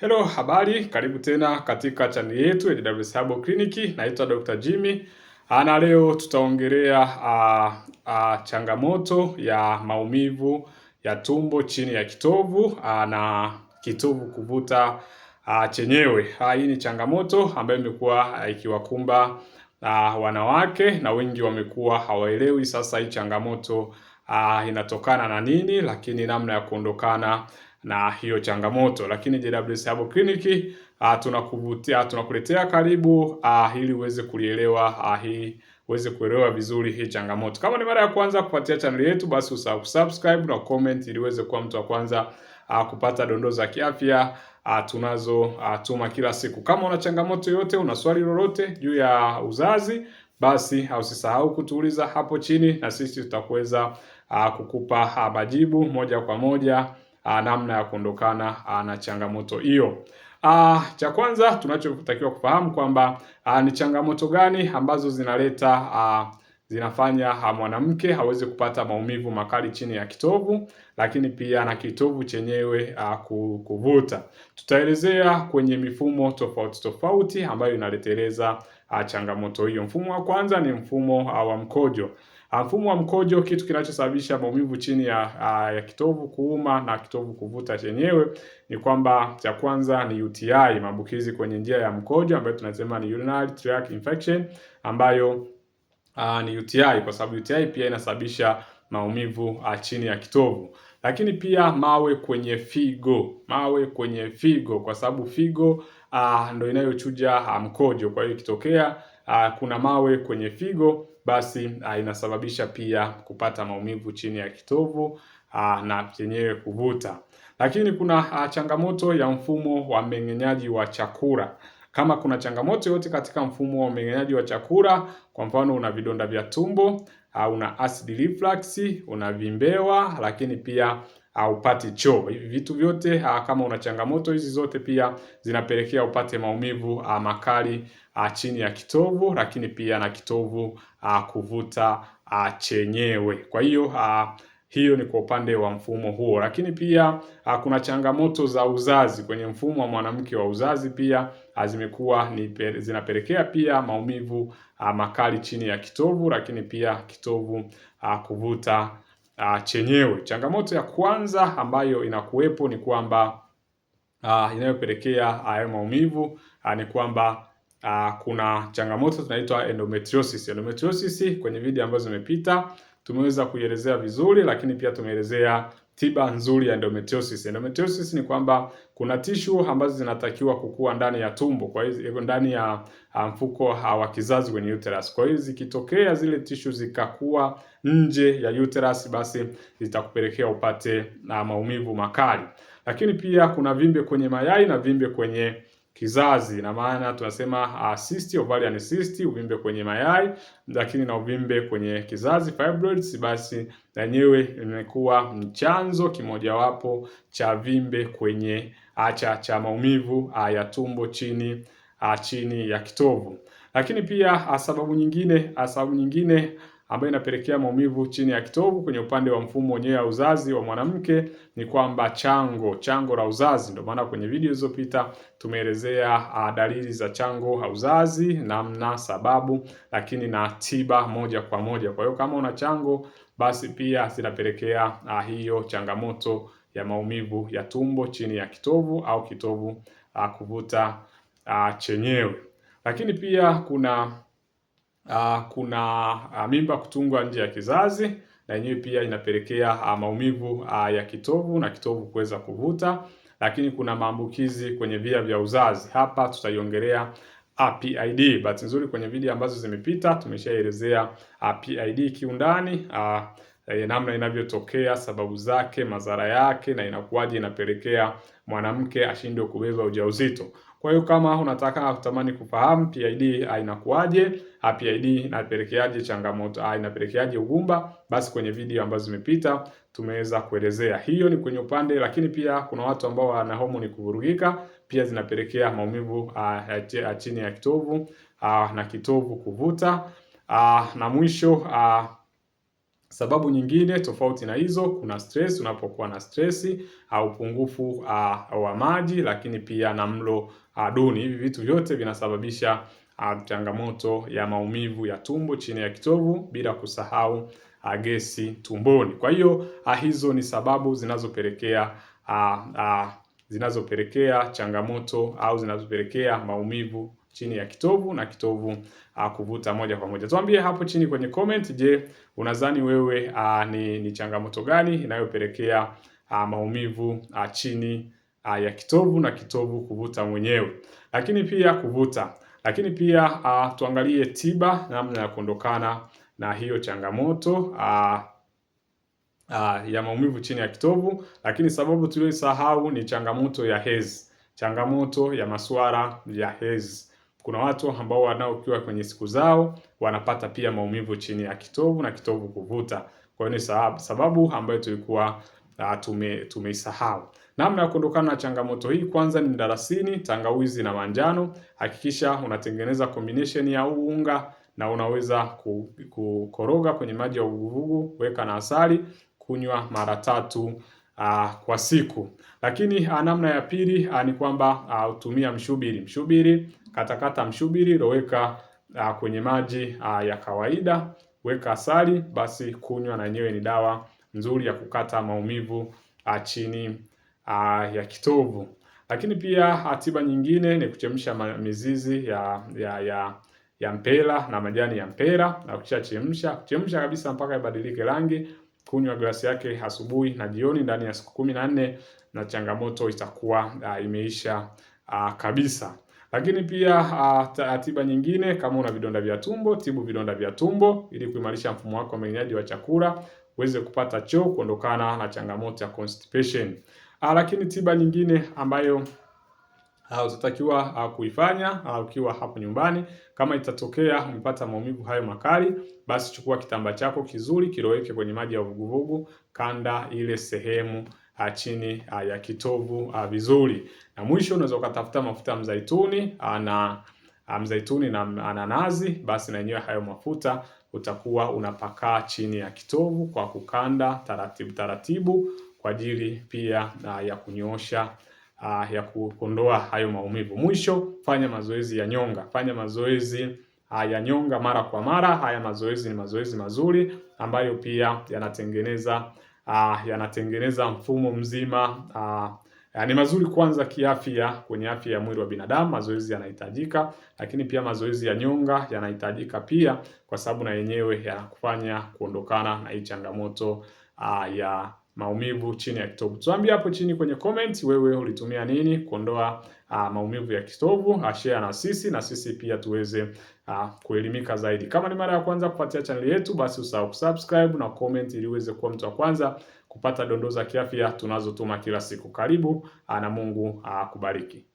Hello, habari, karibu tena katika chaneli yetu ya JW Herbal Clinic. Naitwa Dr. Jimmy ah, na leo tutaongelea uh, uh, changamoto ya maumivu ya tumbo chini ya kitovu uh, na kitovu kuvuta uh, chenyewe. Uh, hii ni changamoto ambayo imekuwa uh, ikiwakumba uh, wanawake na wengi wamekuwa hawaelewi sasa hii changamoto uh, inatokana na nini, lakini namna ya kuondokana na hiyo changamoto. Lakini JWS Herbal Clinic ah, tunakuvutia, tunakuletea karibu a, ah, ili uweze kulielewa ah, hii uweze kuelewa vizuri hii changamoto. Kama ni mara ya kwanza kupatia channel yetu, basi usahau kusubscribe na comment ili uweze kuwa mtu wa kwanza a, kupata dondoo za kiafya tunazo tuma kila siku. Kama una changamoto yoyote, una swali lolote juu ya uzazi, basi usisahau kutuuliza hapo chini, na sisi tutakuweza kukupa a, majibu moja kwa moja uh, namna ya kuondokana uh, na changamoto hiyo. Uh, cha kwanza tunachotakiwa kufahamu kwamba uh, ni changamoto gani ambazo zinaleta uh, zinafanya mwanamke hawezi kupata maumivu makali chini ya kitovu, lakini pia na kitovu chenyewe uh, kuvuta. Tutaelezea kwenye mifumo tofauti tofauti ambayo inaleteleza uh, changamoto hiyo. Mfumo wa kwanza ni mfumo uh, wa mkojo. Mfumo wa mkojo, kitu kinachosababisha maumivu chini ya, ya kitovu kuuma na kitovu kuvuta chenyewe ni kwamba cha kwanza ni UTI, maambukizi kwenye njia ya mkojo ambayo tunasema ni urinary tract infection ambayo uh, ni UTI kwa sababu UTI pia inasababisha maumivu uh, chini ya kitovu. Lakini pia mawe kwenye figo, mawe kwenye figo kwa sababu figo uh, ndo inayochuja uh, mkojo. Kwa hiyo ikitokea uh, kuna mawe kwenye figo basi uh, inasababisha pia kupata maumivu chini ya kitovu uh, na chenyewe kuvuta. Lakini kuna uh, changamoto ya mfumo wa mmeng'enyaji wa chakula kama kuna changamoto yoyote katika mfumo wa mmeng'enyaji wa chakula, kwa mfano una vidonda vya tumbo, au una acid reflux, vimbewa, lakini pia ah, upati choo. Hivi vitu vyote ha, ah, kama una changamoto hizi zote pia zinapelekea upate maumivu ha, ah, makali ha, chini ya kitovu, lakini pia na kitovu ha, kuvuta ha, chenyewe. Kwa hiyo ha, hiyo ni kwa upande wa mfumo huo, lakini pia a, ah, kuna changamoto za uzazi kwenye mfumo wa mwanamke wa uzazi pia ah, zimekuwa ni zinapelekea pia maumivu a, ah, makali chini ya kitovu, lakini pia kitovu a, kuvuta a, chenyewe. Changamoto ya kwanza ambayo inakuwepo ni kwamba inayopelekea hayo maumivu a, ni kwamba uh, kuna changamoto tunaitwa endometriosis. Endometriosis kwenye video ambazo zimepita tumeweza kuielezea vizuri, lakini pia tumeelezea tiba nzuri ya endometriosis. Endometriosis ni kwamba kuna tishu ambazo zinatakiwa kukua ndani ya tumbo, kwa hiyo eh, ndani ya ah, mfuko ah, wa kizazi kwenye uterus. Kwa hiyo zikitokea zile tishu zikakua nje ya uterus, basi zitakupelekea upate na maumivu makali. Lakini pia kuna vimbe kwenye mayai na vimbe kwenye kizazi. na maana tunasema uh, cyst, ovarian cyst, uvimbe kwenye mayai, lakini na uvimbe kwenye kizazi fibroids, basi yenyewe imekuwa chanzo kimojawapo cha vimbe kwenye acha ah, cha maumivu ah, ya tumbo chini chini ya kitovu. Lakini pia sababu nyingine sababu nyingine ambayo inapelekea maumivu chini ya kitovu kwenye upande wa mfumo wenyewe wa uzazi wa mwanamke ni kwamba chango chango la uzazi. Ndio maana kwenye video zilizopita tumeelezea ah, dalili za chango la uzazi, namna, sababu, lakini na tiba moja kwa moja. Kwa hiyo kama una chango basi pia zinapelekea ah, hiyo changamoto ya maumivu ya tumbo chini ya kitovu au kitovu ah, kuvuta chenyewe, lakini pia kuna uh, kuna uh, mimba kutungwa nje ya kizazi na yenyewe pia inapelekea uh, maumivu uh, ya kitovu na kitovu kuweza kuvuta, lakini kuna maambukizi kwenye via vya uzazi. Hapa tutaiongelea PID. Bahati nzuri kwenye video ambazo zimepita tumeshaelezea PID kiundani, uh, namna inavyotokea, sababu zake, madhara yake na inakuwaje inapelekea mwanamke ashindwe kubeba ujauzito. Kwa hiyo kama unataka kutamani kufahamu PID inakuaje, ah, PID inapelekeaje changamoto, ah, inapelekeaje ugumba, basi kwenye video ambazo zimepita tumeweza kuelezea. Hiyo ni kwenye upande, lakini pia kuna watu ambao wana homoni kuvurugika, pia zinapelekea maumivu ah, chini ya kitovu na kitovu kuvuta na mwisho Sababu nyingine tofauti na hizo, kuna stress. Unapokuwa na stress au upungufu wa maji, lakini pia na mlo duni. Hivi vitu vyote vinasababisha changamoto ya maumivu ya tumbo chini ya kitovu, bila kusahau gesi tumboni. Kwa hiyo hizo ni sababu zinazopelekea zinazopelekea changamoto au zinazopelekea maumivu chini ya kitovu na kitovu uh, kuvuta moja kwa moja. Tuambie hapo chini kwenye comment, je, unadhani wewe uh, ni, ni changamoto gani inayopelekea uh, maumivu uh, chini uh, ya kitovu na kitovu kuvuta mwenyewe, lakini pia kuvuta, lakini pia uh, tuangalie tiba, namna ya kuondokana na hiyo changamoto uh, Uh, ya maumivu chini ya kitovu, lakini sababu tuliyosahau ni changamoto ya hezi, changamoto ya masuala ya hezi. Kuna watu ambao wanaokiwa kwenye siku zao wanapata pia maumivu chini ya kitovu na kitovu kuvuta. Kwa hiyo ni sababu sababu ambayo tulikuwa uh, tume tumeisahau. Namna ya kuondokana na changamoto hii, kwanza ni mdalasini, tangawizi na manjano. Hakikisha unatengeneza combination ya unga na unaweza kukoroga kwenye maji ya uvuguvugu, weka na asali, kunywa mara tatu uh, kwa siku. Lakini ah, namna ya pili uh, ni kwamba uh, mshubiri. Mshubiri katakata mshubiri, loweka uh, ah, kwenye maji uh, ya kawaida, weka asali, basi kunywa, na yenyewe ni dawa nzuri ya kukata maumivu uh, chini uh, ya kitovu. Lakini pia hatiba nyingine ni kuchemsha mizizi ya, ya, ya ya mpera na majani ya mpera na ukishachemsha chemsha kabisa mpaka ibadilike rangi, kunywa glasi yake asubuhi na jioni ndani ya siku kumi na nne na changamoto itakuwa uh, imeisha uh, kabisa. Lakini pia ah, tiba nyingine kama una vidonda vya tumbo, tibu vidonda vya tumbo ili kuimarisha mfumo wako wa mmeng'enyaji wa chakula, uweze kupata choo, kuondokana na changamoto ya constipation. Uh, lakini tiba nyingine ambayo ah, utatakiwa kuifanya ukiwa hapo nyumbani. Kama itatokea umepata maumivu hayo makali, basi chukua kitambaa chako kizuri kiloweke kwenye maji ya uvuguvugu kanda ile sehemu chini ya kitovu vizuri. Na mwisho unaweza ukatafuta mafuta ya mzaituni na mzaituni na ananazi, basi na yenyewe hayo mafuta utakuwa unapakaa chini ya kitovu kwa kukanda taratibu taratibu, kwa ajili pia ya kunyoosha ya kuondoa hayo maumivu. Mwisho fanya mazoezi ya nyonga, fanya mazoezi ya nyonga mara kwa mara. Haya mazoezi ni mazoezi mazuri ambayo pia yanatengeneza uh, yanatengeneza mfumo mzima uh, ni mazuri kwanza kiafya, kwenye afya ya mwili wa binadamu. Mazoezi yanahitajika, lakini pia mazoezi ya nyonga yanahitajika pia, kwa sababu na yenyewe yanakufanya kuondokana na hii changamoto uh, ya maumivu chini ya kitovu. Tuambie hapo chini kwenye comment, wewe ulitumia nini kuondoa uh, maumivu ya kitovu, ah, share na sisi na sisi pia tuweze uh, kuelimika zaidi. Kama ni mara ya kwanza kupatia chaneli yetu, basi usahau kusubscribe na comment ili uweze kuwa mtu wa kwanza kupata dondoo za kiafya tunazotuma kila siku. Karibu uh, na Mungu akubariki. Uh,